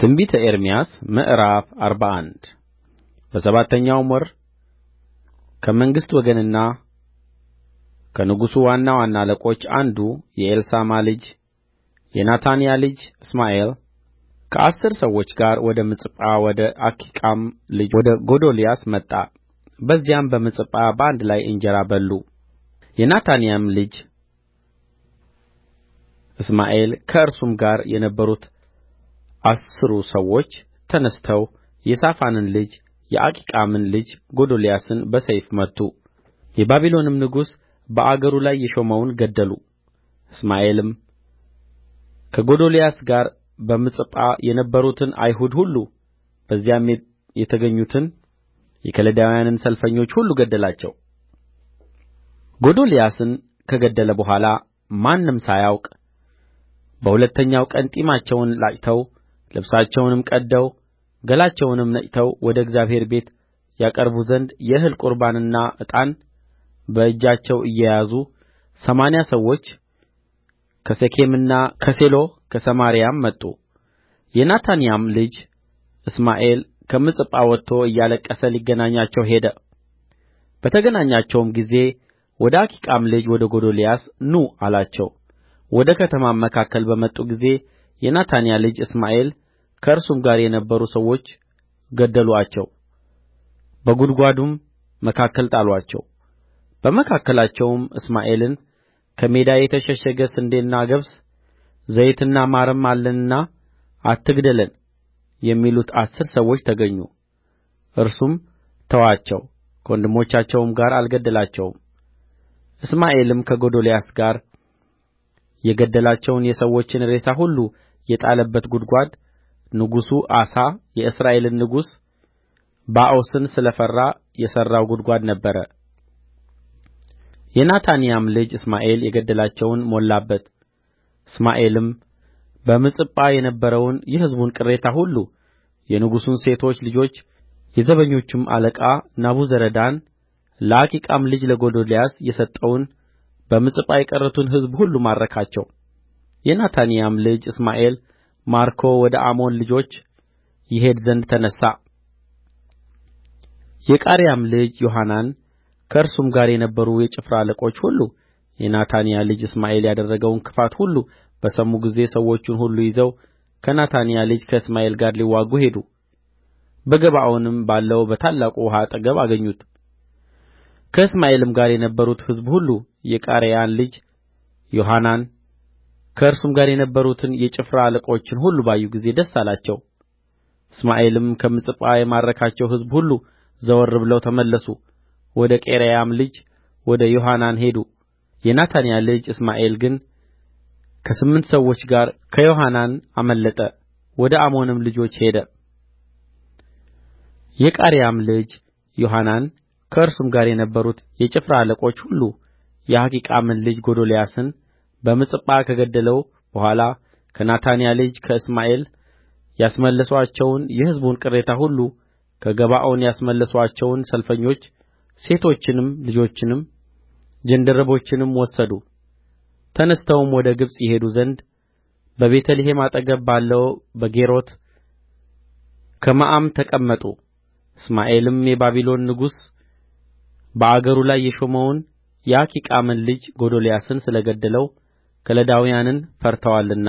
ትንቢተ ኤርምያስ ምዕራፍ አርባ አንድ በሰባተኛውም ወር ከመንግሥት ወገንና ከንጉሡ ዋና ዋና አለቆች አንዱ የኤሊሳማ ልጅ የናታንያ ልጅ እስማኤል ከአሥር ሰዎች ጋር ወደ ምጽጳ ወደ አኪቃም ልጅ ወደ ጎዶልያስ መጣ በዚያም በምጽጳ በአንድ ላይ እንጀራ በሉ የናታንያም ልጅ እስማኤል ከእርሱም ጋር የነበሩት አሥሩ ሰዎች ተነሥተው የሳፋንን ልጅ የአኪቃምን ልጅ ጎዶልያስን በሰይፍ መቱ የባቢሎንም ንጉሥ በአገሩ ላይ የሾመውን ገደሉ እስማኤልም ከጎዶልያስ ጋር በምጽጳ የነበሩትን አይሁድ ሁሉ በዚያም የተገኙትን የከለዳውያንን ሰልፈኞች ሁሉ ገደላቸው ጎዶልያስን ከገደለ በኋላ ማንም ሳያውቅ በሁለተኛው ቀን ጢማቸውን ላጭተው። ልብሳቸውንም ቀድደው ገላቸውንም ነጭተው ወደ እግዚአብሔር ቤት ያቀርቡ ዘንድ የእህል ቍርባንና ዕጣን በእጃቸው እየያዙ ሰማንያ ሰዎች ከሴኬምና ከሴሎ ከሰማርያም መጡ የናታንያም ልጅ እስማኤል ከምጽጳ ወጥቶ እያለቀሰ ሊገናኛቸው ሄደ በተገናኛቸውም ጊዜ ወደ አኪቃም ልጅ ወደ ጎዶልያስ ኑ አላቸው ወደ ከተማም መካከል በመጡ ጊዜ የናታንያ ልጅ እስማኤል ከእርሱም ጋር የነበሩ ሰዎች ገደሉአቸው በጕድጓዱም መካከል ጣሉአቸው በመካከላቸውም እስማኤልን ከሜዳ የተሸሸገ ስንዴና ገብስ ዘይትና ማርም አለንና አትግደለን የሚሉት አሥር ሰዎች ተገኙ እርሱም ተዋቸው ከወንድሞቻቸውም ጋር አልገደላቸውም እስማኤልም ከጎዶልያስ ጋር የገደላቸውን የሰዎችን ሬሳ ሁሉ የጣለበት ጕድጓድ ንጉሡ አሳ የእስራኤልን ንጉሥ ባኦስን ስለ ፈራ የሠራው ጕድጓድ ነበረ የናታንያም ልጅ እስማኤል የገደላቸውን ሞላበት እስማኤልም በምጽጳ የነበረውን የሕዝቡን ቅሬታ ሁሉ የንጉሡን ሴቶች ልጆች የዘበኞቹም አለቃ ናቡዘረዳን ለአኪቃም ልጅ ለጎዶልያስ የሰጠውን በምጽጳ የቀሩትን ሕዝብ ሁሉ ማረካቸው የናታንያም ልጅ እስማኤል ማርኮ ወደ አሞን ልጆች ይሄድ ዘንድ ተነሣ የቃሬያም ልጅ ዮሐናን ከእርሱም ጋር የነበሩ የጭፍራ አለቆች ሁሉ የናታንያ ልጅ እስማኤል ያደረገውን ክፋት ሁሉ በሰሙ ጊዜ ሰዎቹን ሁሉ ይዘው ከናታንያ ልጅ ከእስማኤል ጋር ሊዋጉ ሄዱ በገባዖንም ባለው በታላቁ ውኃ አጠገብ አገኙት ከእስማኤልም ጋር የነበሩት ሕዝብ ሁሉ የቃሬያን ልጅ ዮሐናን ከእርሱም ጋር የነበሩትን የጭፍራ አለቆችን ሁሉ ባዩ ጊዜ ደስ አላቸው እስማኤልም ከምጽጳ የማረካቸው ሕዝብ ሁሉ ዘወር ብለው ተመለሱ ወደ ቃሬያም ልጅ ወደ ዮሐናን ሄዱ የናታንያ ልጅ እስማኤል ግን ከስምንት ሰዎች ጋር ከዮሐናን አመለጠ ወደ አሞንም ልጆች ሄደ የቃሬያም ልጅ ዮሐናን ከእርሱም ጋር የነበሩት የጭፍራ አለቆች ሁሉ የአኪቃምን ልጅ ጎዶልያስን በምጽጳ ከገደለው በኋላ ከናታንያ ልጅ ከእስማኤል ያስመለሱአቸውን የሕዝቡን ቅሬታ ሁሉ ከገባዖን ያስመለሱአቸውን ሰልፈኞች ሴቶችንም ልጆችንም ጃንደረቦችንም ወሰዱ ተነሥተውም ወደ ግብጽ ይሄዱ ዘንድ በቤተ ልሔም አጠገብ ባለው በጌሮት ከመዓም ተቀመጡ እስማኤልም የባቢሎን ንጉሥ በአገሩ ላይ የሾመውን የአኪቃምን ልጅ ጎዶልያስን ስለ ገደለው ከለዳውያንን ፈርተዋልና